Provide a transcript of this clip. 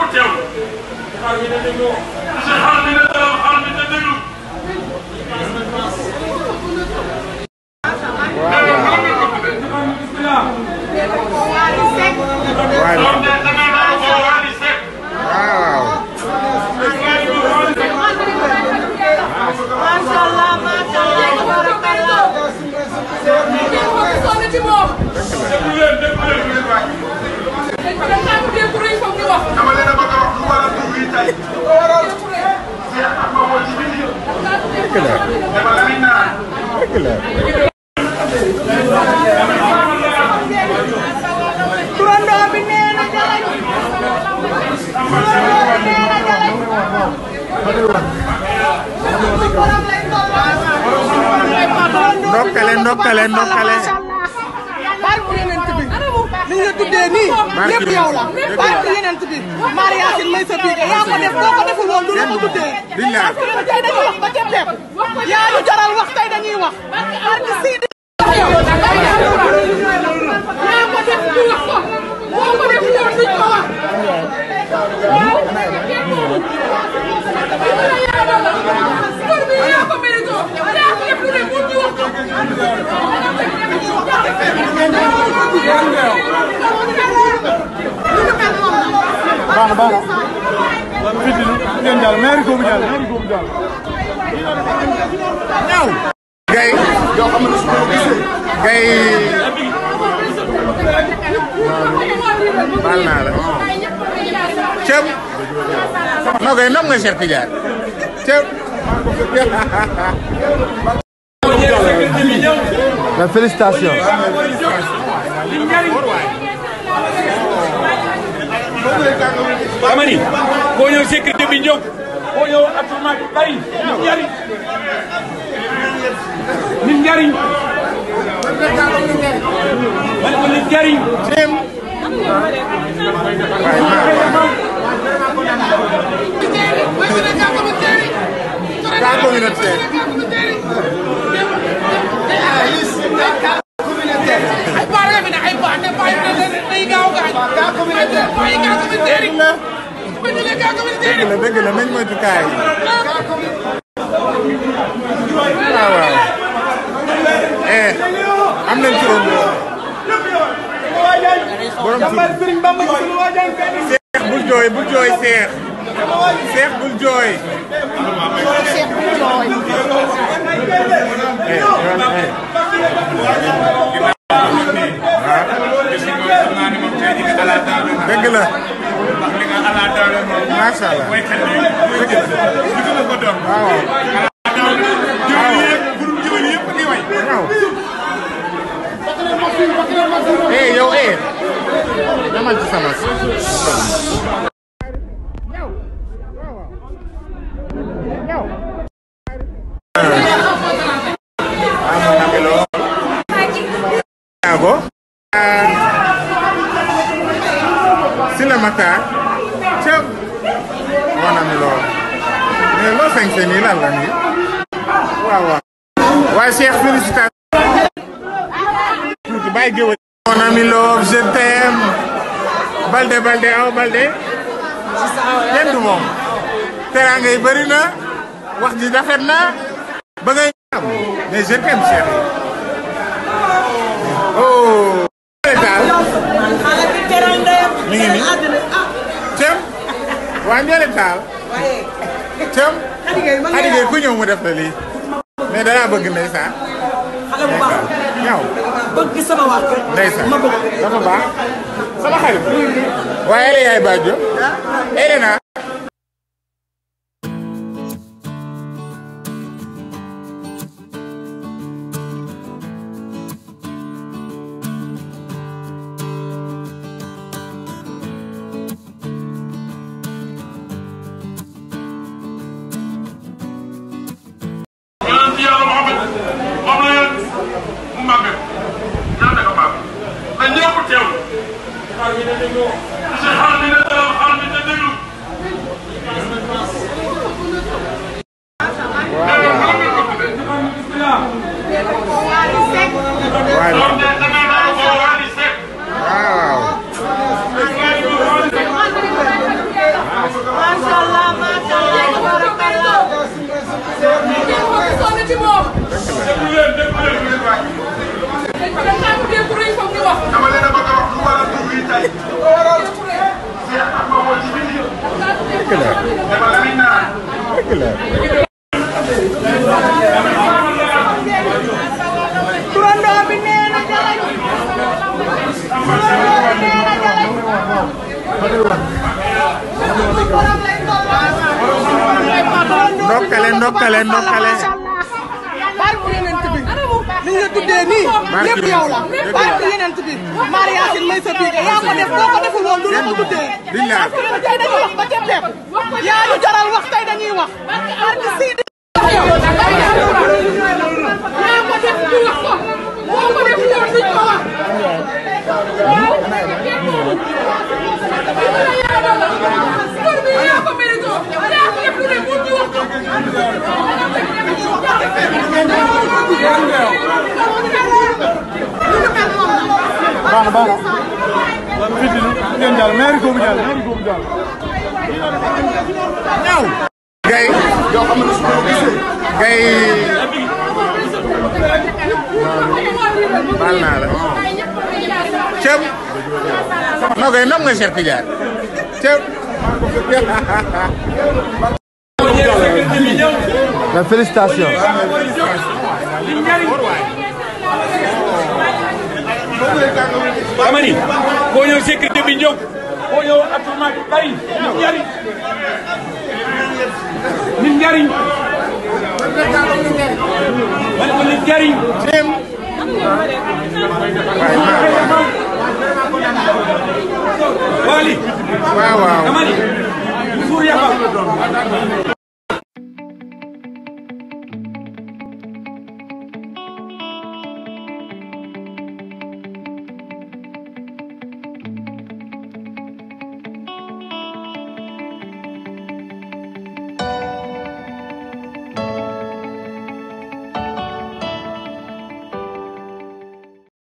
ko teewlu. xaal bi na déglu. xaal bi na dalal xaal bi na déglu. waaw waaw. dëgg la dëgg la. turandoo bi nee na jalañ. turandoo bi nee na jalañ. suñu borom lay toll. ndokkale ndokkale ndokkale. ñu yaa ko def boo ko wax ñaaw. gay yoo naa la. ceeb. noo gay nam nga Cheikh Tidiane. ceeb. la félicitation. amani. boo ñëw sécurité bi ñëw. boo ñëw ak lu mag للجري والكل للجري dëgg la dëgg la nañ moytu kaay am nañ ci roon borom seex amal ci sa Silla Makar cëb wanam lool mais loo sañse nii lan la nii waaw waaw waaye Cheikh félicitation tuuti bàyyi géwël wanam lool je t'aime Balde Balde aw Balde kenn du moom teraanga yi na wax ji rafet na ba ngay am mais je t'aime chéri oh. cëm waa taal cëm xadi ngay ku ñëw mu def la lii mais danaa bëgg ndeysaan xale ñaw bëgg sama waa kër ndeysaan dafa baax sama xarit. waaye Elena yaay Badio. Elena. Hallelujah. dëgg la dëgg la. turandoo bi nee na jalañ. turandoo bi nee na jalañ. ndokkale ndokkale ndokkale. li nga tuddee nii lépp yow la bàyyi ko yeneen tuddi mariage may sa biir yaa ko def boo ko deful woon du la ko tuddee parce que tey dañuy wax ba tepp tepp yaa ñu jaral wax tey dañuy wax baax a baax. fii di ngeen jàll mairie Góobu jàll mairie Góobu jàll. gay yoo xam ne su la. ceeb. dama ni boo ñëw bi ñëw boo ñëw actuellement bi bari nit njariñ nit njariñ wala ko nit njariñ dem